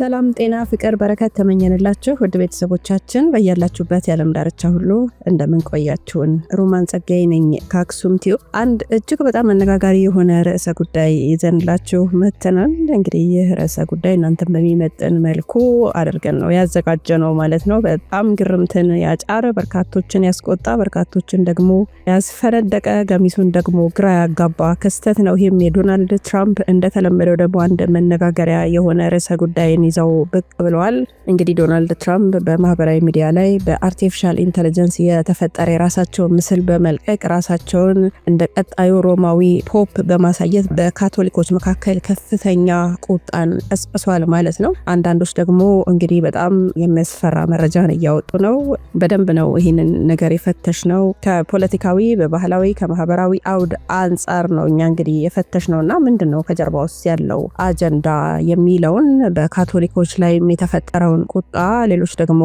ሰላም፣ ጤና፣ ፍቅር፣ በረከት ተመኘንላችሁ ውድ ቤተሰቦቻችን በያላችሁበት የዓለም ዳርቻ ሁሉ እንደምን ቆያችሁን? ሮማን ጸጋዬ ነኝ ከአክሱም ቲዩብ። አንድ እጅግ በጣም አነጋጋሪ የሆነ ርዕሰ ጉዳይ ይዘንላችሁ መጥተናል። እንግዲህ ይህ ርዕሰ ጉዳይ እናንተን በሚመጥን መልኩ አድርገን ነው ያዘጋጀ ነው ማለት ነው። በጣም ግርምትን ያጫረ፣ በርካቶችን ያስቆጣ፣ በርካቶችን ደግሞ ያስፈነደቀ፣ ገሚሱን ደግሞ ግራ ያጋባ ክስተት ነው። ይህም የዶናልድ ትራምፕ እንደተለመደው ደግሞ አንድ መነጋገሪያ የሆነ ርዕሰ ጉዳይን ይዘው ብቅ ብለዋል። እንግዲህ ዶናልድ ትራምፕ በማህበራዊ ሚዲያ ላይ በአርቲፊሻል ኢንተለጀንስ የተፈጠረ የራሳቸውን ምስል በመልቀቅ ራሳቸውን እንደ ቀጣዩ ሮማዊ ፖፕ በማሳየት በካቶሊኮች መካከል ከፍተኛ ቁጣን ቀስቅሷል ማለት ነው። አንዳንዶች ደግሞ እንግዲህ በጣም የሚያስፈራ መረጃን እያወጡ ነው። በደንብ ነው ይህንን ነገር የፈተሽ ነው። ከፖለቲካዊ በባህላዊ ከማህበራዊ አውድ አንጻር ነው እኛ እንግዲህ የፈተሽ ነው እና ምንድን ነው ከጀርባ ውስጥ ያለው አጀንዳ የሚለውን በካቶ ካቶሊኮች ላይ የተፈጠረውን ቁጣ ሌሎች ደግሞ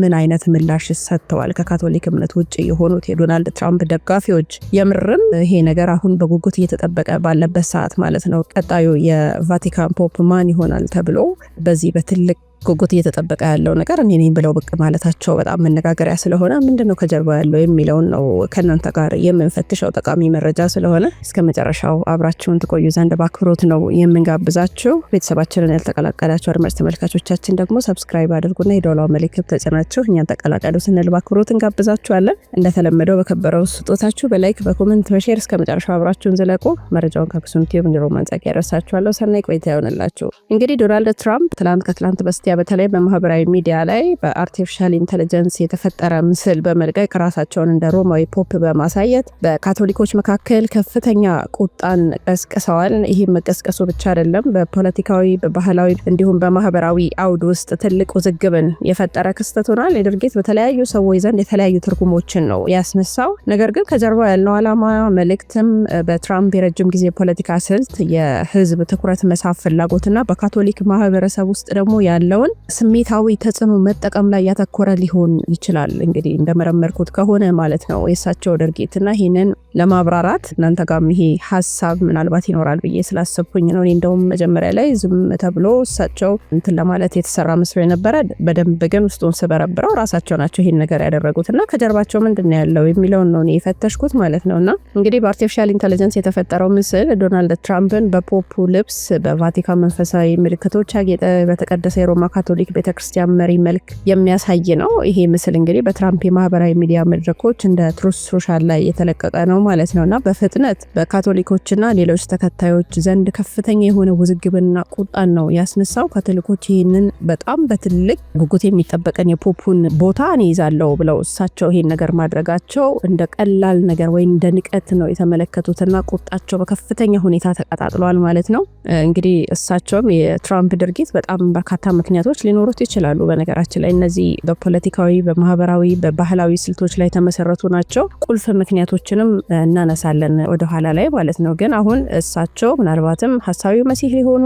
ምን አይነት ምላሽ ሰጥተዋል? ከካቶሊክ እምነት ውጭ የሆኑት የዶናልድ ትራምፕ ደጋፊዎች የምርም ይሄ ነገር አሁን በጉጉት እየተጠበቀ ባለበት ሰዓት ማለት ነው ቀጣዩ የቫቲካን ፖፕ ማን ይሆናል ተብሎ በዚህ በትልቅ ጉጉት እየተጠበቀ ያለው ነገር እኔ ነኝ ብለው ብቅ ማለታቸው በጣም መነጋገሪያ ስለሆነ ምንድነው ከጀርባ ያለው የሚለውን ነው ከእናንተ ጋር የምንፈትሸው ጠቃሚ መረጃ ስለሆነ እስከ መጨረሻው አብራችሁን ትቆዩ ዘንድ በአክብሮት ነው የምንጋብዛችሁ። ቤተሰባችንን ያልተቀላቀላችሁ አድማጭ ተመልካቾቻችን ደግሞ ሰብስክራይብ አድርጉና የዶላው ምልክት ተጭናችሁ እኛን ተቀላቀሉ ስንል በአክብሮት እንጋብዛችኋለን። እንደተለመደው በከበረው ስጦታችሁ በላይክ በኮመንት በሼር እስከ መጨረሻው አብራችሁን ዝለቁ። መረጃውን ከአክሱም ቲዩብ እንዲሮ ማንጻቅ ያደርሳችኋለሁ። ሰናይ ቆይታ ይሆንላችሁ። እንግዲህ ዶናልድ ትራምፕ ትላንት ከትላንት በስቲያ ሚዲያ በተለይ በማህበራዊ ሚዲያ ላይ በአርቲፊሻል ኢንቴሊጀንስ የተፈጠረ ምስል በመልቀቅ ራሳቸውን እንደ ሮማዊ ፖፕ በማሳየት በካቶሊኮች መካከል ከፍተኛ ቁጣን ቀስቅሰዋል። ይህም መቀስቀሱ ብቻ አይደለም፣ በፖለቲካዊ በባህላዊ እንዲሁም በማህበራዊ አውድ ውስጥ ትልቅ ውዝግብን የፈጠረ ክስተት ሆኗል። የድርጊት በተለያዩ ሰዎች ዘንድ የተለያዩ ትርጉሞችን ነው ያስነሳው። ነገር ግን ከጀርባው ያለው ዓላማ መልእክትም በትራምፕ የረጅም ጊዜ ፖለቲካ ስልት የህዝብ ትኩረት መሳብ ፍላጎትና በካቶሊክ ማህበረሰብ ውስጥ ደግሞ ያለው ሳይሆን ስሜታዊ ተጽዕኖ መጠቀም ላይ ያተኮረ ሊሆን ይችላል። እንግዲህ እንደመረመርኩት ከሆነ ማለት ነው የእሳቸው ድርጊት እና ይህንን ለማብራራት እናንተ ጋም ይሄ ሀሳብ ምናልባት ይኖራል ብዬ ስላሰብኩኝ ነው። እንደውም መጀመሪያ ላይ ዝም ተብሎ እሳቸው እንትን ለማለት የተሰራ መስሎ የነበረ በደንብ ግን ውስጡን ስበረብረው ራሳቸው ናቸው ይህን ነገር ያደረጉት እና ከጀርባቸው ምንድን ነው ያለው የሚለውን ነው የፈተሽኩት ማለት ነው። እና እንግዲህ በአርቲፊሻል ኢንቴሊጀንስ የተፈጠረው ምስል ዶናልድ ትራምፕን በፖፑ ልብስ፣ በቫቲካን መንፈሳዊ ምልክቶች ያጌጠ በተቀደሰ የሮማ ካቶሊክ ቤተክርስቲያን መሪ መልክ የሚያሳይ ነው። ይሄ ምስል እንግዲህ በትራምፕ የማህበራዊ ሚዲያ መድረኮች እንደ ትሩስ ሶሻል ላይ የተለቀቀ ነው ማለት ነው እና በፍጥነት በካቶሊኮችና ሌሎች ተከታዮች ዘንድ ከፍተኛ የሆነ ውዝግብና ቁጣን ነው ያስነሳው። ካቶሊኮች ይህንን በጣም በትልቅ ጉጉት የሚጠበቀን የፖፑን ቦታ እኔ ይዛለሁ ብለው እሳቸው ይሄን ነገር ማድረጋቸው እንደ ቀላል ነገር ወይም እንደ ንቀት ነው የተመለከቱትና ቁጣቸው በከፍተኛ ሁኔታ ተቀጣጥሏል ማለት ነው። እንግዲህ እሳቸውም የትራምፕ ድርጊት በጣም በርካታ ምክንያት ምክንያቶች ሊኖሩት ይችላሉ። በነገራችን ላይ እነዚህ በፖለቲካዊ፣ በማህበራዊ፣ በባህላዊ ስልቶች ላይ የተመሰረቱ ናቸው። ቁልፍ ምክንያቶችንም እናነሳለን ወደኋላ ላይ ማለት ነው። ግን አሁን እሳቸው ምናልባትም ሀሳዊ መሲህ ሊሆኑ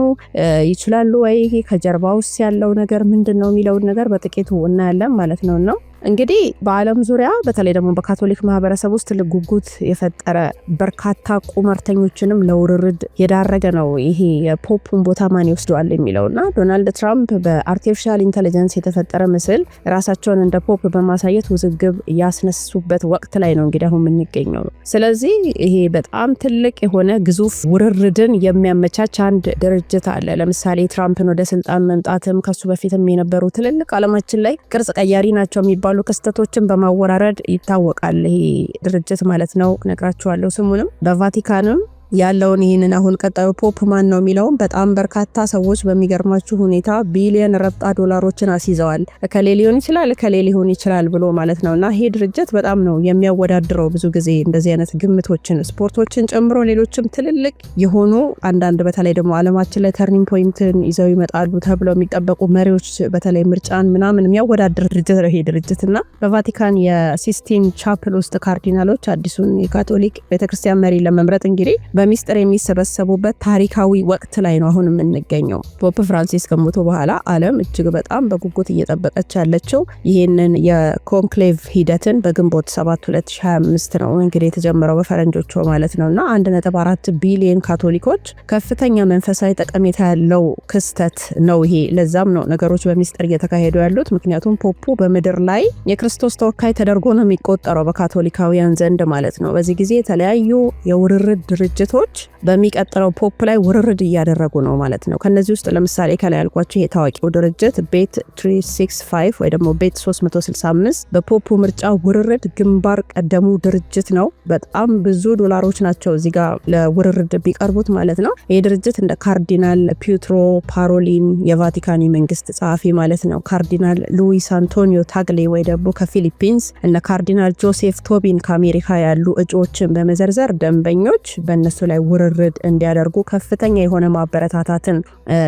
ይችላሉ ወይ ከጀርባ ውስጥ ያለው ነገር ምንድን ነው የሚለውን ነገር በጥቂቱ እናያለን ማለት ነው ነው እንግዲህ በዓለም ዙሪያ በተለይ ደግሞ በካቶሊክ ማህበረሰብ ውስጥ ትልቅ ጉጉት የፈጠረ በርካታ ቁመርተኞችንም ለውርርድ የዳረገ ነው ይሄ የፖፑን ቦታ ማን ይወስደዋል እና ዶናልድ ትራምፕ በአርቲፊሻል ኢንቴሊጀንስ የተፈጠረ ምስል ራሳቸውን እንደ ፖፕ በማሳየት ውዝግብ ያስነሱበት ወቅት ላይ ነው እንግዲህ አሁን የምንገኘው። ስለዚህ ይሄ በጣም ትልቅ የሆነ ግዙፍ ውርርድን የሚያመቻች አንድ ድርጅት አለ። ለምሳሌ ትራምፕን ወደ ስልጣን መምጣትም ከሱ በፊትም የነበሩ ትልልቅ አለማችን ላይ ቅርጽ ቀያሪ ናቸው የሚባሉ የሚባሉ ክስተቶችን በማወራረድ ይታወቃል። ይሄ ድርጅት ማለት ነው። ነግራችኋለሁ ስሙንም በቫቲካንም ያለውን ይህንን አሁን ቀጣዩ ፖፕ ማን ነው የሚለውም በጣም በርካታ ሰዎች በሚገርማችሁ ሁኔታ ቢሊየን ረብጣ ዶላሮችን አስይዘዋል። እከሌ ሊሆን ይችላል እከሌ ሊሆን ይችላል ብሎ ማለት ነው። እና ይሄ ድርጅት በጣም ነው የሚያወዳድረው ብዙ ጊዜ እንደዚህ አይነት ግምቶችን ስፖርቶችን ጨምሮ ሌሎችም ትልልቅ የሆኑ አንዳንድ በተለይ ደግሞ አለማችን ላይ ተርኒንግ ፖይንትን ይዘው ይመጣሉ ተብለው የሚጠበቁ መሪዎች በተለይ ምርጫን ምናምን የሚያወዳድር ድርጅት ነው ይሄ ድርጅት እና በቫቲካን የሲስቲን ቻፕል ውስጥ ካርዲናሎች አዲሱን የካቶሊክ ቤተክርስቲያን መሪ ለመምረጥ እንግዲህ በሚስጥር የሚሰበሰቡበት ታሪካዊ ወቅት ላይ ነው አሁን የምንገኘው። ፖፕ ፍራንሲስ ከሞቱ በኋላ ዓለም እጅግ በጣም በጉጉት እየጠበቀች ያለችው ይህንን የኮንክሌቭ ሂደትን በግንቦት 7 2025 ነው እንግዲህ የተጀመረው በፈረንጆቹ ማለት ነው እና 1.4 ቢሊዮን ካቶሊኮች ከፍተኛ መንፈሳዊ ጠቀሜታ ያለው ክስተት ነው ይሄ። ለዛም ነው ነገሮች በሚስጥር እየተካሄዱ ያሉት። ምክንያቱም ፖፑ በምድር ላይ የክርስቶስ ተወካይ ተደርጎ ነው የሚቆጠረው በካቶሊካውያን ዘንድ ማለት ነው። በዚህ ጊዜ የተለያዩ የውርርድ ድርጅት ድርጅቶች በሚቀጥለው ፖፕ ላይ ውርርድ እያደረጉ ነው ማለት ነው። ከነዚህ ውስጥ ለምሳሌ ከላይ ያልኳቸው የታዋቂው ድርጅት ቤት 365 ወይ ደግሞ ቤት 365 በፖፕ ምርጫ ውርርድ ግንባር ቀደሙ ድርጅት ነው። በጣም ብዙ ዶላሮች ናቸው እዚህ ጋር ለውርርድ ቢቀርቡት ማለት ነው። ይህ ድርጅት እንደ ካርዲናል ፒትሮ፣ ፓሮሊን የቫቲካን መንግስት ጸሐፊ ማለት ነው፣ ካርዲናል ሉዊስ አንቶኒዮ ታግሌ ወይ ደግሞ ከፊሊፒንስ እነ ካርዲናል ጆሴፍ ቶቢን ከአሜሪካ ያሉ እጩዎችን በመዘርዘር ደንበኞች በነ። በእነሱ ላይ ውርርድ እንዲያደርጉ ከፍተኛ የሆነ ማበረታታትን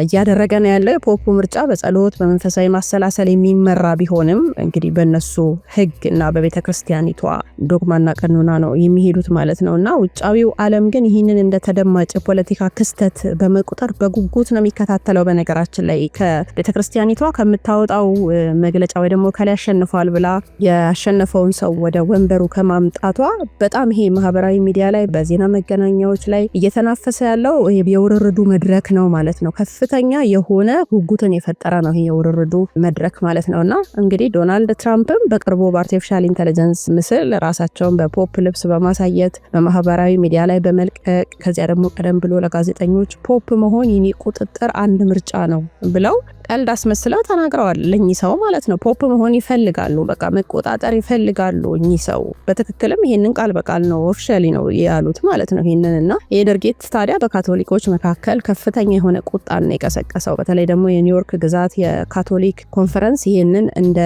እያደረገ ነው ያለው። የፖፑ ምርጫ በጸሎት በመንፈሳዊ ማሰላሰል የሚመራ ቢሆንም እንግዲህ በእነሱ ህግ እና በቤተ ክርስቲያኒቷ ዶግማና ቀኖና ነው የሚሄዱት ማለት ነው እና ውጫዊው ዓለም ግን ይህንን እንደ ተደማጭ የፖለቲካ ክስተት በመቁጠር በጉጉት ነው የሚከታተለው። በነገራችን ላይ ከቤተ ክርስቲያኒቷ ከምታወጣው መግለጫ ወይ ደግሞ ከላይ አሸንፏል ብላ ያሸነፈውን ሰው ወደ ወንበሩ ከማምጣቷ በጣም ይሄ ማህበራዊ ሚዲያ ላይ በዜና መገናኛዎች ቦታዎች ላይ እየተናፈሰ ያለው የውርርዱ መድረክ ነው ማለት ነው። ከፍተኛ የሆነ ጉጉትን የፈጠረ ነው የውርርዱ መድረክ ማለት ነው። እና እንግዲህ ዶናልድ ትራምፕም በቅርቡ በአርቲፊሻል ኢንቴሊጀንስ ምስል ራሳቸውን በፖፕ ልብስ በማሳየት በማህበራዊ ሚዲያ ላይ በመልቀቅ ከዚያ ደግሞ ቀደም ብሎ ለጋዜጠኞች ፖፕ መሆን የኔ ቁጥጥር አንድ ምርጫ ነው ብለው ቀልድ አስመስለው ተናግረዋል። ለእኚህ ሰው ማለት ነው። ፖፕ መሆን ይፈልጋሉ፣ በቃ መቆጣጠር ይፈልጋሉ እኚህ ሰው። በትክክልም ይህንን ቃል በቃል ነው ኦፊሻሊ ነው ያሉት ማለት ነው ይህንን እና ይህ ድርጊት ታዲያ በካቶሊኮች መካከል ከፍተኛ የሆነ ቁጣ ነው የቀሰቀሰው። በተለይ ደግሞ የኒውዮርክ ግዛት የካቶሊክ ኮንፈረንስ ይህንን እንደ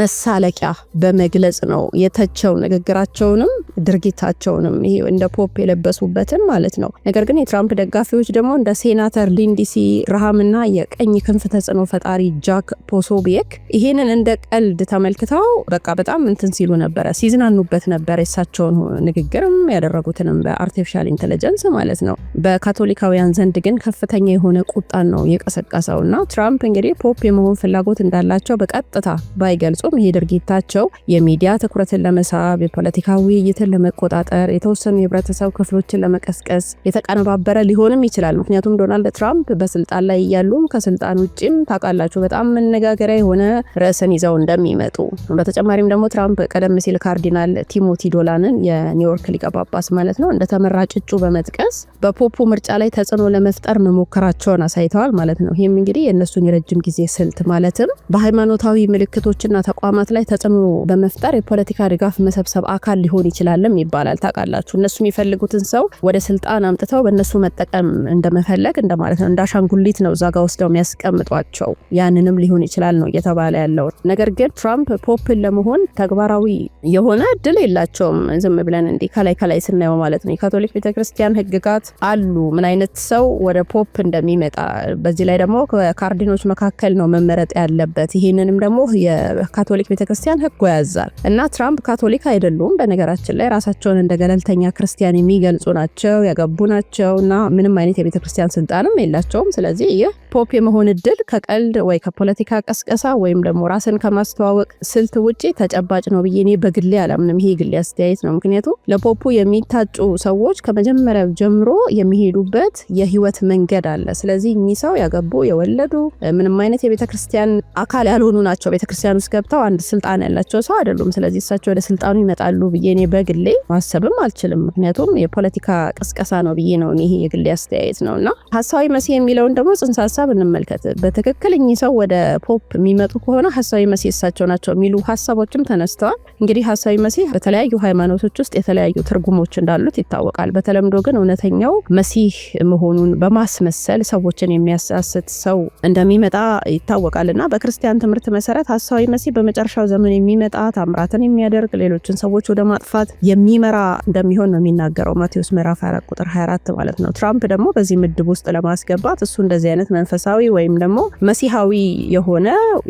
መሳለቂያ በመግለጽ ነው የተቸው። ንግግራቸውንም ድርጊታቸውንም ይሄ እንደ ፖፕ የለበሱበትም ማለት ነው። ነገር ግን የትራምፕ ደጋፊዎች ደግሞ እንደ ሴናተር ሊንዲሲ ግራሃምና የቀኝ ክንፍ ተጽዕኖ ፈጣሪ ጃክ ፖሶቢየክ ይሄንን እንደ ቀልድ ተመልክተው በቃ በጣም እንትን ሲሉ ነበረ፣ ሲዝናኑበት ነበር። የሳቸውን ንግግርም ያደረጉትንም በአርቲፊሻል ኢንቴሊጀንስ ማለት ነው። በካቶሊካውያን ዘንድ ግን ከፍተኛ የሆነ ቁጣን ነው የቀሰቀሰው እና ትራምፕ እንግዲህ ፖፕ የመሆን ፍላጎት እንዳላቸው በቀጥታ ባይገልጹም ይሄ ድርጊታቸው የሚዲያ ትኩረትን ለመሳብ የፖለቲካ ውይይት ግጭትን ለመቆጣጠር የተወሰኑ የህብረተሰብ ክፍሎችን ለመቀስቀስ የተቀነባበረ ሊሆንም ይችላል። ምክንያቱም ዶናልድ ትራምፕ በስልጣን ላይ እያሉም ከስልጣን ውጭም ታውቃላችሁ በጣም መነጋገሪያ የሆነ ርዕስን ይዘው እንደሚመጡ። በተጨማሪም ደግሞ ትራምፕ ቀደም ሲል ካርዲናል ቲሞቲ ዶላንን የኒውዮርክ ሊቀ ጳጳስ ማለት ነው እንደ ተመራጭ እጩ በመጥቀስ በፖፑ ምርጫ ላይ ተጽዕኖ ለመፍጠር መሞከራቸውን አሳይተዋል ማለት ነው። ይህም እንግዲህ የእነሱን የረጅም ጊዜ ስልት ማለትም በሃይማኖታዊ ምልክቶችና ተቋማት ላይ ተጽዕኖ በመፍጠር የፖለቲካ ድጋፍ መሰብሰብ አካል ሊሆን ይችላል እንችላለን ይባላል። ታውቃላችሁ እነሱ የሚፈልጉትን ሰው ወደ ስልጣን አምጥተው በእነሱ መጠቀም እንደመፈለግ እንደማለት ነው። እንደ አሻንጉሊት ነው እዛ ጋ ወስደው የሚያስቀምጧቸው። ያንንም ሊሆን ይችላል ነው እየተባለ ያለው። ነገር ግን ትራምፕ ፖፕን ለመሆን ተግባራዊ የሆነ እድል የላቸውም። ዝም ብለን እንዲህ ከላይ ከላይ ስናየው ማለት ነው። የካቶሊክ ቤተክርስቲያን ህግጋት አሉ፣ ምን አይነት ሰው ወደ ፖፕ እንደሚመጣ። በዚህ ላይ ደግሞ ከካርዲኖች መካከል ነው መመረጥ ያለበት። ይህንንም ደግሞ የካቶሊክ ቤተክርስቲያን ህጎ ያዛል እና ትራምፕ ካቶሊክ አይደሉም በነገራችን ላይ ላይ ራሳቸውን እንደ ገለልተኛ ክርስቲያን የሚገልጹ ናቸው፣ ያገቡ ናቸው እና ምንም አይነት የቤተ ክርስቲያን ስልጣንም የላቸውም። ስለዚህ ይህ ፖፕ የመሆን እድል ከቀልድ ወይ ከፖለቲካ ቀስቀሳ ወይም ደግሞ ራስን ከማስተዋወቅ ስልት ውጭ ተጨባጭ ነው ብዬ እኔ በግሌ አላምንም። ይሄ ግሌ አስተያየት ነው። ምክንያቱም ለፖፑ የሚታጩ ሰዎች ከመጀመሪያው ጀምሮ የሚሄዱበት የህይወት መንገድ አለ። ስለዚህ እኚህ ሰው ያገቡ፣ የወለዱ ምንም አይነት የቤተ ክርስቲያን አካል ያልሆኑ ናቸው። ቤተ ክርስቲያን ውስጥ ገብተው አንድ ስልጣን ያላቸው ሰው አይደሉም። ስለዚህ እሳቸው ወደ ስልጣኑ ይመጣሉ ብዬ እኔ በግ በግሌ ማሰብም አልችልም። ምክንያቱም የፖለቲካ ቅስቀሳ ነው ብዬ ነው ይሄ የግሌ አስተያየት ነው እና ሀሳዊ መሲህ የሚለውን ደግሞ ጽንሰ ሀሳብ እንመልከት። በትክክል እኚህ ሰው ወደ ፖፕ የሚመጡ ከሆነ ሀሳዊ መሲህ እሳቸው ናቸው የሚሉ ሀሳቦችም ተነስተዋል። እንግዲህ ሀሳዊ መሲህ በተለያዩ ሃይማኖቶች ውስጥ የተለያዩ ትርጉሞች እንዳሉት ይታወቃል። በተለምዶ ግን እውነተኛው መሲህ መሆኑን በማስመሰል ሰዎችን የሚያሳስት ሰው እንደሚመጣ ይታወቃል እና በክርስቲያን ትምህርት መሰረት ሀሳዊ መሲህ በመጨረሻው ዘመን የሚመጣ ታምራትን የሚያደርግ ሌሎችን ሰዎች ወደ ማጥፋት የሚመራ እንደሚሆን ነው የሚናገረው ማቴዎስ ምዕራፍ 4 ቁጥር 24 ማለት ነው። ትራምፕ ደግሞ በዚህ ምድብ ውስጥ ለማስገባት እሱ እንደዚህ አይነት መንፈሳዊ ወይም ደግሞ መሲሃዊ የሆነ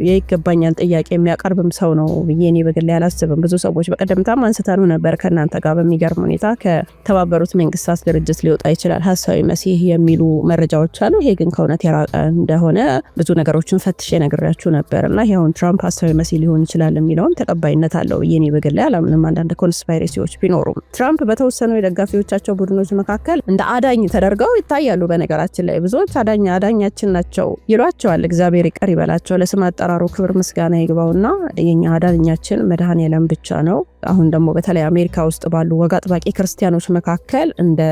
የይገባኛል ጥያቄ የሚያቀርብም ሰው ነው ብዬ እኔ በግሌ አላስብም። ብዙ ሰዎች በቀደምታ አንስተኑ ነበር ከእናንተ ጋር በሚገርም ሁኔታ ከተባበሩት መንግስታት ድርጅት ሊወጣ ይችላል ሀሳዊ መሲህ የሚሉ መረጃዎች አሉ። ይሄ ግን ከእውነት የራቀ እንደሆነ ብዙ ነገሮችን ፈትሼ ነግሬያችሁ ነበር እና ይኸውን ትራምፕ ሀሳዊ መሲህ ሊሆን ይችላል የሚለውም ተቀባይነት አለው ብዬ እኔ በግሌ አላምንም። አንዳንድ ኮንስፓይሬሲ ደጋፊዎች ቢኖሩም ትራምፕ በተወሰኑ የደጋፊዎቻቸው ቡድኖች መካከል እንደ አዳኝ ተደርገው ይታያሉ። በነገራችን ላይ ብዙዎች አዳኝ አዳኛችን ናቸው ይሏቸዋል። እግዚአብሔር ይቀር ይበላቸው። ለስም አጠራሩ ክብር ምስጋና ይግባውና የኛ አዳኛችን መድኃኔዓለም ብቻ ነው። አሁን ደግሞ በተለይ አሜሪካ ውስጥ ባሉ ወግ አጥባቂ ክርስቲያኖች መካከል እንደ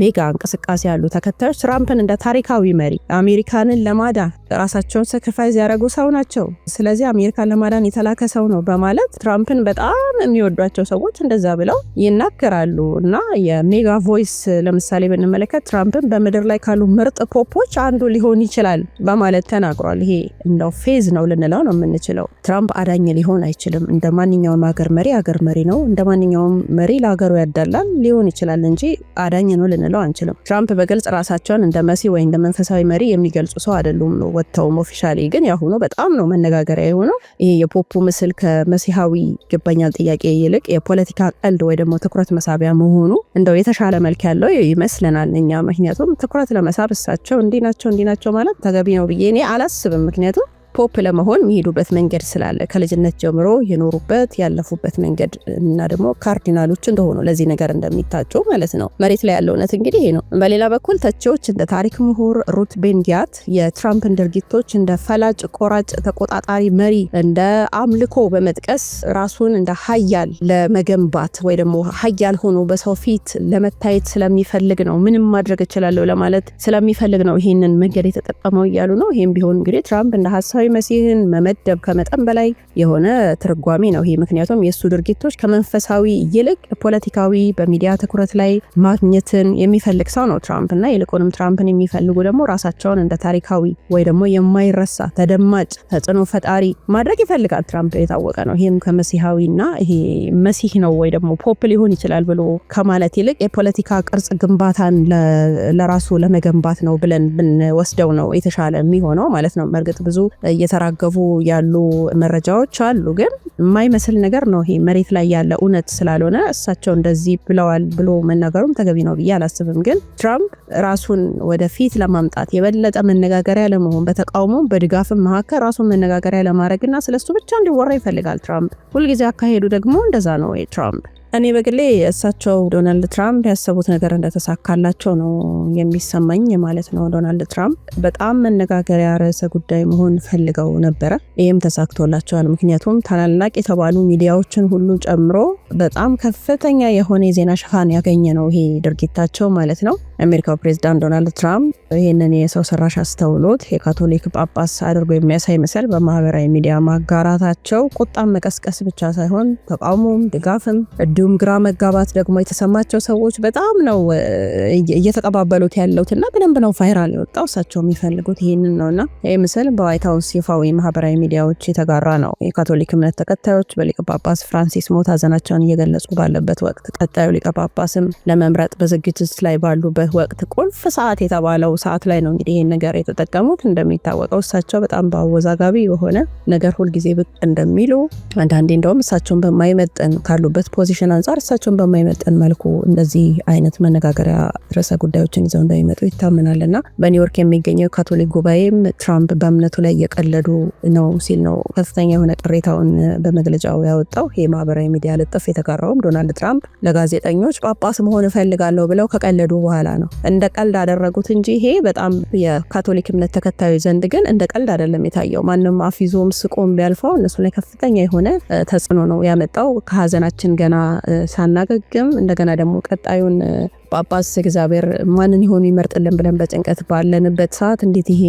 ሜጋ እንቅስቃሴ ያሉ ተከታዮች ትራምፕን እንደ ታሪካዊ መሪ አሜሪካንን ለማዳን ራሳቸውን ሰክሪፋይዝ ያደረጉ ሰው ናቸው፣ ስለዚህ አሜሪካን ለማዳን የተላከ ሰው ነው በማለት ትራምፕን በጣም የሚወዷቸው ሰዎች እንደዛ ብለው ይናገራሉ። እና የሜጋ ቮይስ ለምሳሌ ብንመለከት ትራምፕን በምድር ላይ ካሉ ምርጥ ፖፖች አንዱ ሊሆን ይችላል በማለት ተናግሯል። ይሄ እንደው ፌዝ ነው ልንለው ነው የምንችለው። ትራምፕ አዳኝ ሊሆን አይችልም። እንደ ማንኛውም ሀገር መሪ ሀገር መሪ መሪ ነው። እንደ ማንኛውም መሪ ለሀገሩ ያዳላል ሊሆን ይችላል እንጂ አዳኝ ነው ልንለው አንችልም። ትራምፕ በግልጽ ራሳቸውን እንደ መሲ ወይ እንደ መንፈሳዊ መሪ የሚገልጹ ሰው አይደሉም ነው ወጥተውም ኦፊሻሊ። ግን ያሁኑ በጣም ነው መነጋገሪያ የሆነው ይሄ የፖፑ ምስል ከመሲሃዊ ይገባኛል ጥያቄ ይልቅ የፖለቲካ ቀልድ ወይ ደግሞ ትኩረት መሳቢያ መሆኑ እንደው የተሻለ መልክ ያለው ይመስለናል እኛ። ምክንያቱም ትኩረት ለመሳብ እሳቸው እንዲህ ናቸው እንዲህ ናቸው ማለት ተገቢ ነው ብዬ እኔ አላስብም። ምክንያቱም ፖፕ ለመሆን የሚሄዱበት መንገድ ስላለ ከልጅነት ጀምሮ የኖሩበት ያለፉበት መንገድ እና ደግሞ ካርዲናሎች እንደሆኑ ለዚህ ነገር እንደሚታጩ ማለት ነው። መሬት ላይ ያለው እውነት እንግዲህ ይሄ ነው። በሌላ በኩል ተቺዎች እንደ ታሪክ ምሁር ሩት ቤንዲያት የትራምፕን ድርጊቶች እንደ ፈላጭ ቆራጭ ተቆጣጣሪ መሪ፣ እንደ አምልኮ በመጥቀስ ራሱን እንደ ሀያል ለመገንባት ወይ ደግሞ ሀያል ሆኖ በሰው ፊት ለመታየት ስለሚፈልግ ነው ምንም ማድረግ እችላለሁ ለማለት ስለሚፈልግ ነው ይህንን መንገድ የተጠቀመው እያሉ ነው። ይህም ቢሆን እንግዲህ ትራምፕ እንደ ሀሳዊ መሲህን መመደብ ከመጠን በላይ የሆነ ትርጓሜ ነው ይሄ። ምክንያቱም የእሱ ድርጊቶች ከመንፈሳዊ ይልቅ ፖለቲካዊ በሚዲያ ትኩረት ላይ ማግኘትን የሚፈልግ ሰው ነው ትራምፕ እና ይልቁንም ትራምፕን የሚፈልጉ ደግሞ ራሳቸውን እንደ ታሪካዊ ወይ ደግሞ የማይረሳ ተደማጭ ተጽዕኖ ፈጣሪ ማድረግ ይፈልጋል ትራምፕ የታወቀ ነው። ይህም ከመሲሃዊና ይሄ መሲህ ነው ወይ ደግሞ ፖፕ ሊሆን ይችላል ብሎ ከማለት ይልቅ የፖለቲካ ቅርጽ ግንባታን ለራሱ ለመገንባት ነው ብለን ብንወስደው ነው የተሻለ የሚሆነው ማለት ነው። በእርግጥ ብዙ እየተራገቡ ያሉ መረጃዎች አሉ። ግን የማይመስል ነገር ነው ይሄ መሬት ላይ ያለ እውነት ስላልሆነ እሳቸው እንደዚህ ብለዋል ብሎ መናገሩም ተገቢ ነው ብዬ አላስብም። ግን ትራምፕ ራሱን ወደፊት ለማምጣት የበለጠ መነጋገሪያ ለመሆን በተቃውሞ በድጋፍም መካከል ራሱን መነጋገሪያ ለማድረግና ስለሱ ብቻ እንዲወራ ይፈልጋል ትራምፕ። ሁልጊዜ አካሄዱ ደግሞ እንደዛ ነው ትራምፕ እኔ በግሌ እሳቸው ዶናልድ ትራምፕ ያሰቡት ነገር እንደተሳካላቸው ነው የሚሰማኝ ማለት ነው። ዶናልድ ትራምፕ በጣም መነጋገሪያ ርዕሰ ጉዳይ መሆን ፈልገው ነበረ። ይህም ተሳክቶላቸዋል። ምክንያቱም ታላላቅ የተባሉ ሚዲያዎችን ሁሉ ጨምሮ በጣም ከፍተኛ የሆነ የዜና ሽፋን ያገኘ ነው ይሄ ድርጊታቸው ማለት ነው። የአሜሪካው ፕሬዚዳንት ዶናልድ ትራምፕ ይህንን የሰው ሰራሽ አስተውሎት የካቶሊክ ጳጳስ አድርጎ የሚያሳይ ምስል በማህበራዊ ሚዲያ ማጋራታቸው ቁጣም መቀስቀስ ብቻ ሳይሆን ተቃውሞም ድጋፍም እንዲሁም ግራ መጋባት ደግሞ የተሰማቸው ሰዎች በጣም ነው እየተቀባበሉት ያለውት እና በደንብ ነው ቫይራል የወጣው። እሳቸው የሚፈልጉት ይህንን ነው እና ይህ ምስል በዋይት ሀውስ ይፋዊ ማህበራዊ ሚዲያዎች የተጋራ ነው። የካቶሊክ እምነት ተከታዮች በሊቀ ጳጳስ ፍራንሲስ ሞት ሀዘናቸው ሀሳባቸውን እየገለጹ ባለበት ወቅት ቀጣዩ ሊቀ ጳጳስም ለመምረጥ በዝግጅት ላይ ባሉበት ወቅት ቁልፍ ሰዓት የተባለው ሰዓት ላይ ነው እንግዲህ ይህን ነገር የተጠቀሙት። እንደሚታወቀው እሳቸው በጣም በአወዛጋቢ የሆነ ነገር ሁልጊዜ ብቅ እንደሚሉ አንዳንዴ እንደውም እሳቸውን በማይመጠን ካሉበት ፖዚሽን አንጻር እሳቸውን በማይመጠን መልኩ እንደዚህ አይነት መነጋገሪያ ርዕሰ ጉዳዮችን ይዘው እንደሚመጡ ይታመናል እና በኒውዮርክ የሚገኘው ካቶሊክ ጉባኤም ትራምፕ በእምነቱ ላይ እየቀለዱ ነው ሲል ነው ከፍተኛ የሆነ ቅሬታውን በመግለጫው ያወጣው። ይህ ማህበራዊ ሚዲያ ልጥፍ የተቀረውም ዶናልድ ትራምፕ ለጋዜጠኞች ጳጳስ መሆን እፈልጋለሁ ብለው ከቀለዱ በኋላ ነው። እንደ ቀልድ አደረጉት እንጂ ይሄ በጣም የካቶሊክ እምነት ተከታዮች ዘንድ ግን እንደ ቀልድ አይደለም የታየው። ማንም አፊዞም ስቆም ቢያልፈው እነሱ ላይ ከፍተኛ የሆነ ተጽዕኖ ነው ያመጣው። ከሀዘናችን ገና ሳናገግም እንደገና ደግሞ ቀጣዩን ጳጳስ እግዚአብሔር ማንን ይሆኑ ይመርጥልን ብለን በጭንቀት ባለንበት ሰዓት እንዴት ይሄ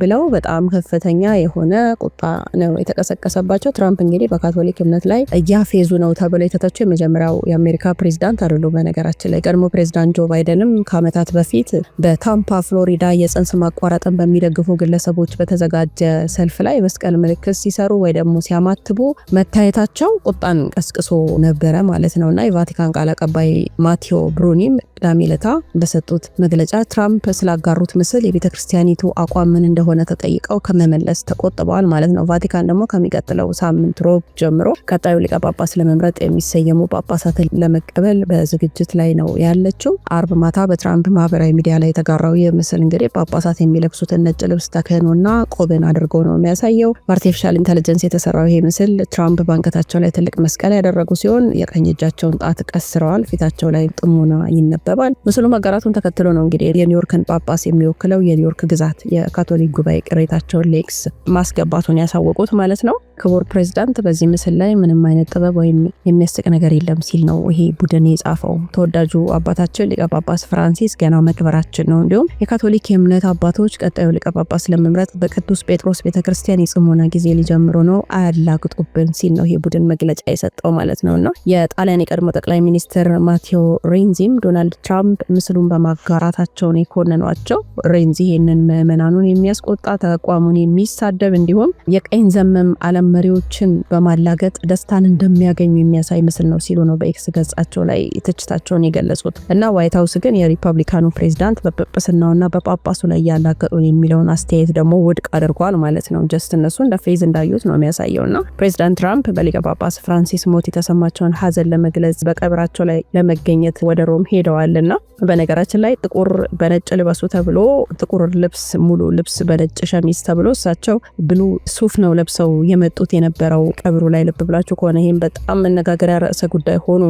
ብለው በጣም ከፍተኛ የሆነ ቁጣ ነው የተቀሰቀሰባቸው። ትራምፕ እንግዲህ በካቶሊክ እምነት ላይ እያፌዙ ነው ተብለው የተተቹ የመጀመሪያው የአሜሪካ ፕሬዚዳንት አይደሉም። በነገራችን ላይ ቀድሞ ፕሬዚዳንት ጆ ባይደንም ከአመታት በፊት በታምፓ ፍሎሪዳ የጽንስ ማቋረጥን በሚደግፉ ግለሰቦች በተዘጋጀ ሰልፍ ላይ መስቀል ምልክት ሲሰሩ ወይ ደግሞ ሲያማትቡ መታየታቸው ቁጣን ቀስቅሶ ነበረ ማለት ነው እና የቫቲካን ቃል አቀባይ ማቴዎ ብሩኒም ቅዳሜ ለታ በሰጡት መግለጫ ትራምፕ ስላጋሩት ምስል የቤተ ክርስቲያኒቱ አቋም ምን እንደሆነ ተጠይቀው ከመመለስ ተቆጥበዋል ማለት ነው። ቫቲካን ደግሞ ከሚቀጥለው ሳምንት ሮብ ጀምሮ ቀጣዩ ሊቀ ጳጳስ ለመምረጥ የሚሰየሙ ጳጳሳትን ለመቀበል በዝግጅት ላይ ነው ያለችው። አርብ ማታ በትራምፕ ማህበራዊ ሚዲያ ላይ የተጋራው ይህ ምስል እንግዲህ ጳጳሳት የሚለብሱትን ነጭ ልብስ ተክህኖና ቆብን አድርገው ነው የሚያሳየው። በአርቲፊሻል ኢንተለጀንስ የተሰራው ይሄ ምስል ትራምፕ ባንገታቸው ላይ ትልቅ መስቀል ያደረጉ ሲሆን የቀኝ እጃቸውን ጣት ቀስረዋል። ፊታቸው ላይ ጥሙና ይነበ ይገባል። ምስሉ መጋራቱን ተከትሎ ነው እንግዲህ የኒውዮርክን ጳጳስ የሚወክለው የኒውዮርክ ግዛት የካቶሊክ ጉባኤ ቅሬታቸውን ሌክስ ማስገባቱን ያሳወቁት ማለት ነው። ክቡር ፕሬዚዳንት በዚህ ምስል ላይ ምንም አይነት ጥበብ ወይም የሚያስቅ ነገር የለም ሲል ነው ይሄ ቡድን የጻፈው። ተወዳጁ አባታችን ሊቀ ጳጳስ ፍራንሲስ ገና መክበራችን ነው። እንዲሁም የካቶሊክ የእምነት አባቶች ቀጣዩ ሊቀ ጳጳስ ለመምረጥ በቅዱስ ጴጥሮስ ቤተክርስቲያን የጽሞና ጊዜ ሊጀምሩ ነው፣ አያላግጡብን ሲል ነው ይሄ ቡድን መግለጫ የሰጠው ማለት ነው እና የጣሊያን የቀድሞ ጠቅላይ ሚኒስትር ማቴዎ ሬንዚም ዶናልድ ትራምፕ ምስሉን በማጋራታቸውን የኮነኗቸው ሬንዚ ይህንን ምዕመናኑን የሚያስቆጣ ተቋሙን የሚሳደብ እንዲሁም የቀኝ ዘመም ዓለም መሪዎችን በማላገጥ ደስታን እንደሚያገኙ የሚያሳይ ምስል ነው ሲሉ ነው በኤክስ ገጻቸው ላይ ትችታቸውን የገለጹት እና ዋይት ሀውስ ግን የሪፐብሊካኑ ፕሬዚዳንት በጵጵስናውና በጳጳሱ ላይ ያላገጡን የሚለውን አስተያየት ደግሞ ውድቅ አድርጓል ማለት ነው። ጀስት እነሱ እንደ ፌዝ እንዳዩት ነው የሚያሳየው እና ፕሬዚዳንት ትራምፕ በሊቀ ጳጳስ ፍራንሲስ ሞት የተሰማቸውን ሀዘን ለመግለጽ በቀብራቸው ላይ ለመገኘት ወደ ሮም ሄደዋል። ብለዋል እና በነገራችን ላይ ጥቁር በነጭ ልበሱ ተብሎ ጥቁር ልብስ ሙሉ ልብስ በነጭ ሸሚዝ ተብሎ እሳቸው ብሉ ሱፍ ነው ለብሰው የመጡት የነበረው። ቀብሩ ላይ ልብ ብላችሁ ከሆነ ይህም በጣም መነጋገሪያ ርዕሰ ጉዳይ ሆኖ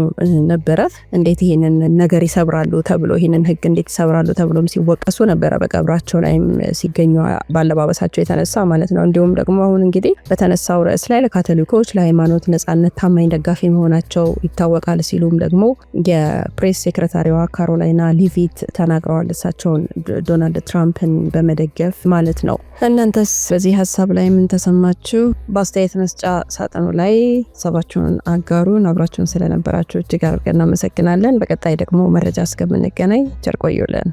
ነበረ። እንዴት ይህንን ነገር ይሰብራሉ ተብሎ ይህንን ህግ እንዴት ይሰብራሉ ተብሎም ሲወቀሱ ነበረ። በቀብራቸው ላይም ሲገኙ ባለባበሳቸው የተነሳ ማለት ነው። እንዲሁም ደግሞ አሁን እንግዲህ በተነሳው ርዕስ ላይ ለካቶሊኮች ለሃይማኖት ነጻነት ታማኝ ደጋፊ መሆናቸው ይታወቃል ሲሉም ደግሞ የፕሬስ ሴክረታሪዋ ካሮላይና ሊቪት ተናግረዋል። እሳቸውን ዶናልድ ትራምፕን በመደገፍ ማለት ነው። እናንተስ በዚህ ሀሳብ ላይ ምን ተሰማችሁ? በአስተያየት መስጫ ሳጥኑ ላይ ሀሳባችሁን አጋሩን። አብራችሁን ስለነበራችሁ እጅግ አድርገን እናመሰግናለን። በቀጣይ ደግሞ መረጃ እስከምንገናኝ ቸር ቆዩልን።